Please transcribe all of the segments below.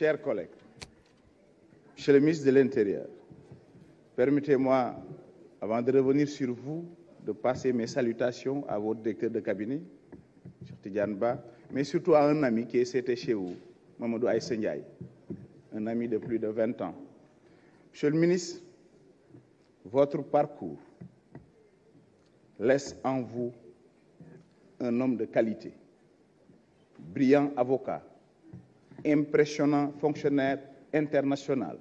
chers collègues, Monsieur le ministre de l'Intérieur, permettez-moi, avant de revenir sur vous, de passer mes salutations à votre directeur de cabinet, mais surtout à un ami qui était chez vous, Mamadou Aïsendiaï, un ami de plus de vingt ans. Monsieur le ministre, votre parcours laisse en vous un homme de qualité, brillant avocat, impressionnant fonctionnaire international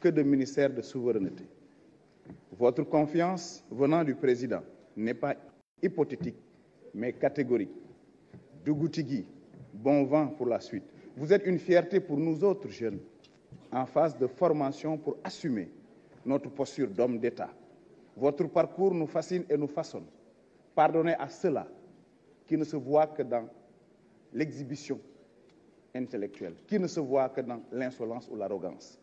que de ministère de souveraineté. Votre confiance venant du président n'est pas hypothétique, mais catégorique. Dougoutigui, bon vent pour la suite. Vous êtes une fierté pour nous autres jeunes en phase de formation pour assumer notre posture d'homme d'État. Votre parcours nous fascine et nous façonne. Pardonnez à ceux-là qui ne se voient que dans l'exhibition intellectuelle, qui ne se voit que dans l'insolence ou l'arrogance.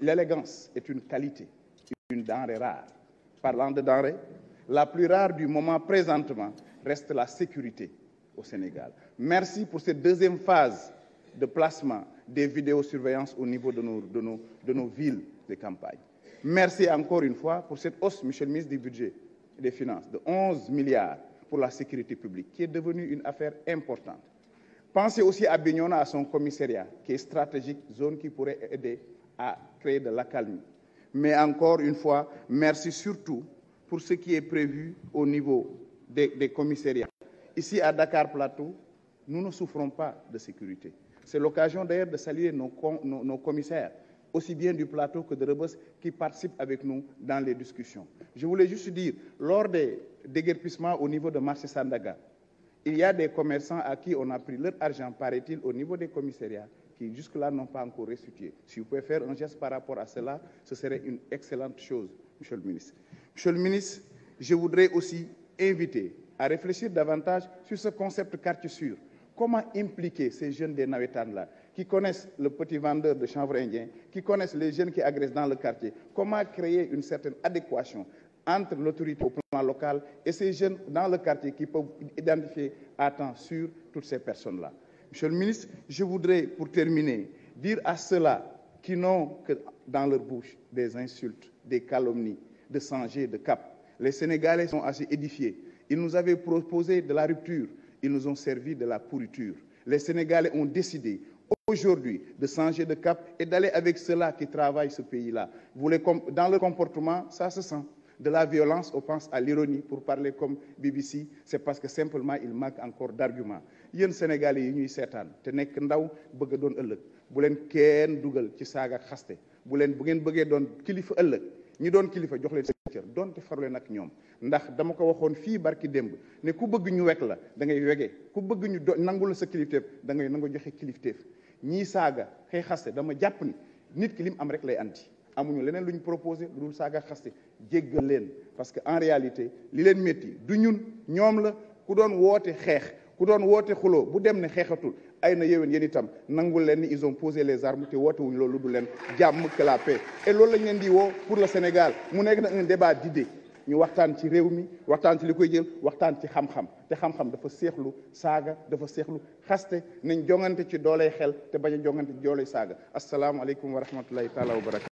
L'élégance est une qualité, une denrée rare. Parlant de denrée, la plus rare du moment présentement reste la sécurité au Sénégal. Merci pour cette deuxième phase de placement des vidéosurveillances au niveau de nos, de nos, de nos villes de campagne. Merci encore une fois pour cette hausse, Michel le ministre du Budget et des Finances, de milliards pour la sécurité publique, qui est devenue une affaire importante. Pensez aussi à Bignona, à son commissariat, qui est stratégique, zone qui pourrait aider à créer de l'accalmie. Mais encore une fois, merci surtout pour ce qui est prévu au niveau des, des commissariats. Ici à Dakar Plateau, nous ne souffrons pas de sécurité. C'est l'occasion d'ailleurs de saluer nos, nos, nos, commissaires, aussi bien du plateau que de Rebos, qui participent avec nous dans les discussions. Je voulais juste dire, lors des déguerpissements au niveau de marché Sandaga, Il y a des commerçants à qui on a pris leur argent, paraît-il, au niveau des commissariats, qui jusque-là n'ont pas encore restitué. Si vous pouvez faire un geste par rapport à cela, ce serait une excellente chose, Monsieur le ministre. Monsieur le ministre, je voudrais aussi inviter à réfléchir davantage sur ce concept quartier sûr. Comment impliquer ces jeunes des Nawetan-là, qui connaissent le petit vendeur de chanvre qui connaissent les jeunes qui agressent dans le quartier Comment créer une certaine adéquation entre l'autorité au plan local et ces jeunes dans le quartier qui peuvent identifier à temps sûr toutes ces personnes-là. Monsieur le ministre, je voudrais, pour terminer, dire à ceux-là qui n'ont que dans leur bouche des insultes, des calomnies, de changer de cap. Les Sénégalais sont assez édifiés. Ils nous avaient proposé de la rupture, ils nous ont servi de la pourriture. Les Sénégalais ont décidé aujourd'hui de changer de cap et d'aller avec ceux-là qui travaillent ce pays-là. dans le comportement, ça se de la violence, on pense à l'ironie pour parler comme BBC, c'est parce que simplement il manque encore d'arguments. yéen Sénégalais yi ñuy seetaan te nekk ndaw bëgg doon ëllëg bu leen kenn dugal ci saaga xaste bu leen bu ngeen bëggee doon kilifa ëllëg ñi doon kilifa jox leen seen cër donte faruleen nag ñoom ndax dama ko waxoon fii barki démb ne ku bëgg ñu wekk la da ngay wege ku bëgg ñu do nangu la sa kilifteef da ngay nangu joxe kilifteef ñii saaga xëy xaste dama jàpp ni nit ki lim am rek lay anti amuñu leneen lu ñu proposé lu dul saaga xaste jéggal leen parce que en réalité li leen métti du ñun ñoom la ku doon woote xeex ku doon woote xuloo bu dem ne xeexatul ay na yéwén yéen itam nangul leen ni ils posé les armes te woote wuñ loolu du leen jàmm que la paix et loolu leen di woo pour le Sénégal mu nekk na un débat d'idées ñu waxtaan ci réew mi waxtaan ci li koy jël waxtaan ci xam-xam te xam-xam dafa seexlu saaga dafa seexlu xaste nañ jongante ci dooley xel te bañ a jongante ci dooley saaga asalaamualeykum wa rahmatullahi taala wa barakatu